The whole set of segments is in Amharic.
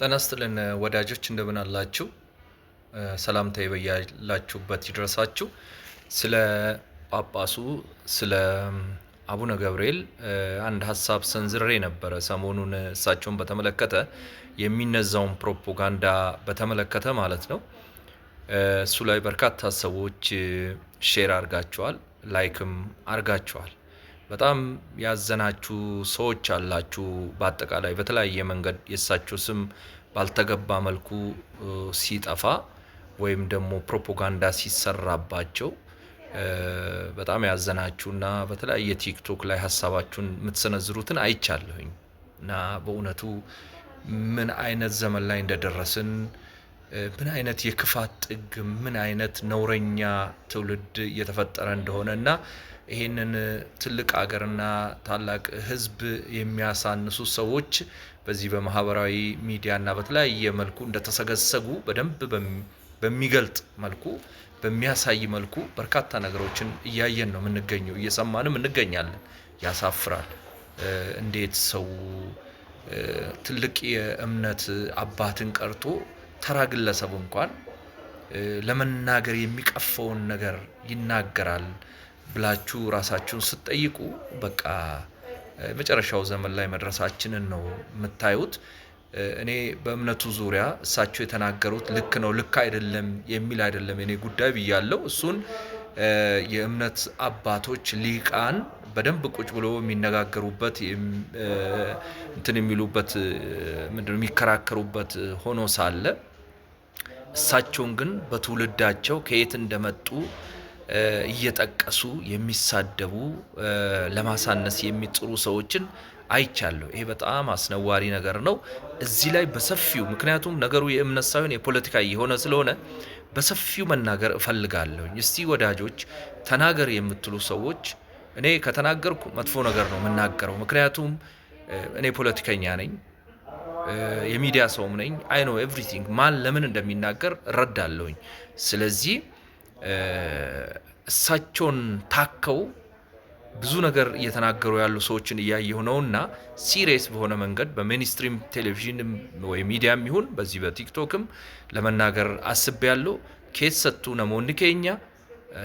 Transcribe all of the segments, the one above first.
ጤና ይስጥልን ወዳጆች እንደምን አላችሁ? ሰላምታ የበያላችሁበት ይድረሳችሁ። ስለ ጳጳሱ ስለ አቡነ ገብርኤል አንድ ሀሳብ ሰንዝሬ ነበረ። ሰሞኑን እሳቸውን በተመለከተ የሚነዛውን ፕሮፓጋንዳ በተመለከተ ማለት ነው። እሱ ላይ በርካታ ሰዎች ሼር አርጋችኋል፣ ላይክም አርጋችኋል። በጣም ያዘናችሁ ሰዎች አላችሁ። በአጠቃላይ በተለያየ መንገድ የእሳቸው ስም ባልተገባ መልኩ ሲጠፋ ወይም ደግሞ ፕሮፓጋንዳ ሲሰራባቸው በጣም ያዘናችሁ እና በተለያየ ቲክቶክ ላይ ሀሳባችሁን የምትሰነዝሩትን አይቻለሁኝ እና በእውነቱ ምን አይነት ዘመን ላይ እንደደረስን ምን አይነት የክፋት ጥግ ምን አይነት ነውረኛ ትውልድ እየተፈጠረ እንደሆነ እና ይህንን ትልቅ አገርና ታላቅ ህዝብ የሚያሳንሱ ሰዎች በዚህ በማህበራዊ ሚዲያና በተለያየ መልኩ እንደተሰገሰጉ በደንብ በሚገልጥ መልኩ በሚያሳይ መልኩ በርካታ ነገሮችን እያየን ነው የምንገኘው፣ እየሰማንም እንገኛለን። ያሳፍራል። እንዴት ሰው ትልቅ የእምነት አባትን ቀርቶ ተራ ግለሰቡ እንኳን ለመናገር የሚቀፈውን ነገር ይናገራል። ብላችሁ ራሳችሁን ስትጠይቁ በቃ መጨረሻው ዘመን ላይ መድረሳችንን ነው የምታዩት። እኔ በእምነቱ ዙሪያ እሳቸው የተናገሩት ልክ ነው ልክ አይደለም የሚል አይደለም የኔ ጉዳይ ብያለው። እሱን የእምነት አባቶች ሊቃን በደንብ ቁጭ ብሎ የሚነጋገሩበት እንትን የሚሉበት ምንድነው የሚከራከሩበት ሆኖ ሳለ እሳቸውን ግን በትውልዳቸው ከየት እንደመጡ እየጠቀሱ የሚሳደቡ ለማሳነስ የሚጥሩ ሰዎችን አይቻለሁ። ይሄ በጣም አስነዋሪ ነገር ነው። እዚህ ላይ በሰፊው ምክንያቱም ነገሩ የእምነት ሳይሆን የፖለቲካ እየሆነ ስለሆነ በሰፊው መናገር እፈልጋለሁ። እስቲ ወዳጆች ተናገር የምትሉ ሰዎች እኔ ከተናገርኩ መጥፎ ነገር ነው የምናገረው። ምክንያቱም እኔ ፖለቲከኛ ነኝ፣ የሚዲያ ሰውም ነኝ። አይኖ ኤቭሪቲንግ ማን ለምን እንደሚናገር እረዳለሁኝ። ስለዚህ እሳቸውን ታከው ብዙ ነገር እየተናገሩ ያሉ ሰዎችን እያየሁ ነው እና ሲሪየስ በሆነ መንገድ በሜንስትሪም ቴሌቪዥን ወይ ሚዲያም ይሁን በዚህ በቲክቶክም ለመናገር አስቤያለሁ። ኬት ሰቱ ነሞኒ ኬኛ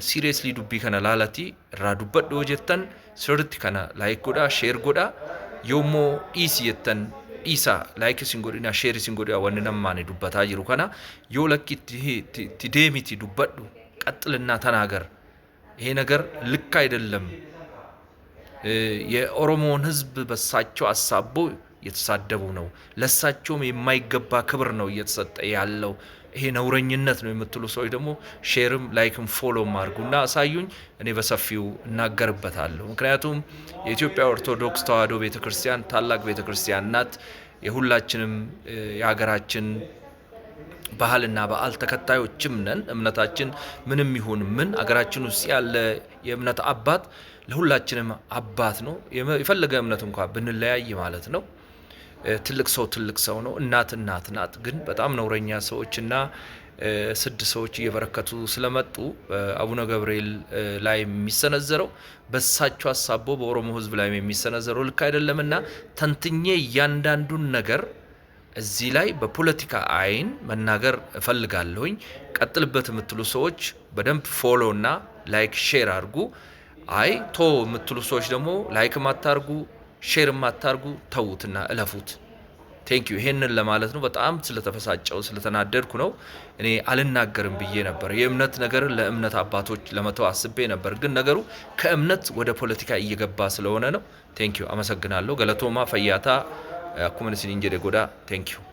ሲሪየስ ሊዱቢ ከነ ላላቲ ራዱበድ ወጀተን ስርት ከነ ላይክ ጎዳ ሼር ጎዳ ዮሞ ኢስ የተን ኢሳ ላይክ ሲንጎዲና ሼር ሲንጎዲያ ወንነማኔ ዱበታ ጅሩ ከና ዮ ቲዴሚቲ ዱበዱ ቀጥልና ተናገር፣ ይሄ ነገር ልክ አይደለም፣ የኦሮሞውን ህዝብ በሳቸው አሳቦ እየተሳደቡ ነው፣ ለሳቸውም የማይገባ ክብር ነው እየተሰጠ ያለው ይሄ ነውረኝነት ነው የምትሉ ሰዎች ደግሞ ሼርም ላይክም ፎሎም አድርጉና አሳዩኝ። እኔ በሰፊው እናገርበታለሁ። ምክንያቱም የኢትዮጵያ ኦርቶዶክስ ተዋሕዶ ቤተክርስቲያን ታላቅ ቤተክርስቲያን ናት። የሁላችንም የሀገራችን ባህልና በዓል ተከታዮችም ነን። እምነታችን ምንም ይሁን ምን አገራችን ውስጥ ያለ የእምነት አባት ለሁላችንም አባት ነው። የፈለገ እምነት እንኳ ብንለያይ ማለት ነው። ትልቅ ሰው ትልቅ ሰው ነው። እናት እናት ናት። ግን በጣም ነውረኛ ሰዎችና ስድ ሰዎች እየበረከቱ ስለመጡ አቡነ ገብርኤል ላይ የሚሰነዘረው በሳቸው አሳቦ በኦሮሞ ሕዝብ ላይ የሚሰነዘረው ልክ አይደለምና ተንትኜ እያንዳንዱን ነገር እዚህ ላይ በፖለቲካ አይን መናገር እፈልጋለሁኝ። ቀጥልበት የምትሉ ሰዎች በደንብ ፎሎ እና ላይክ ሼር አድርጉ። አይ ቶ የምትሉ ሰዎች ደግሞ ላይክ ማታርጉ ሼር ማታርጉ ተዉትና እለፉት። ቴንክ ዩ ይሄንን ለማለት ነው። በጣም ስለተፈሳጨው ስለተናደድኩ ነው። እኔ አልናገርም ብዬ ነበር። የእምነት ነገር ለእምነት አባቶች ለመተው አስቤ ነበር፣ ግን ነገሩ ከእምነት ወደ ፖለቲካ እየገባ ስለሆነ ነው። ቴንክ ዩ አመሰግናለሁ። ገለቶማ ፈያታ a comunidade de Ingeregora. Thank you.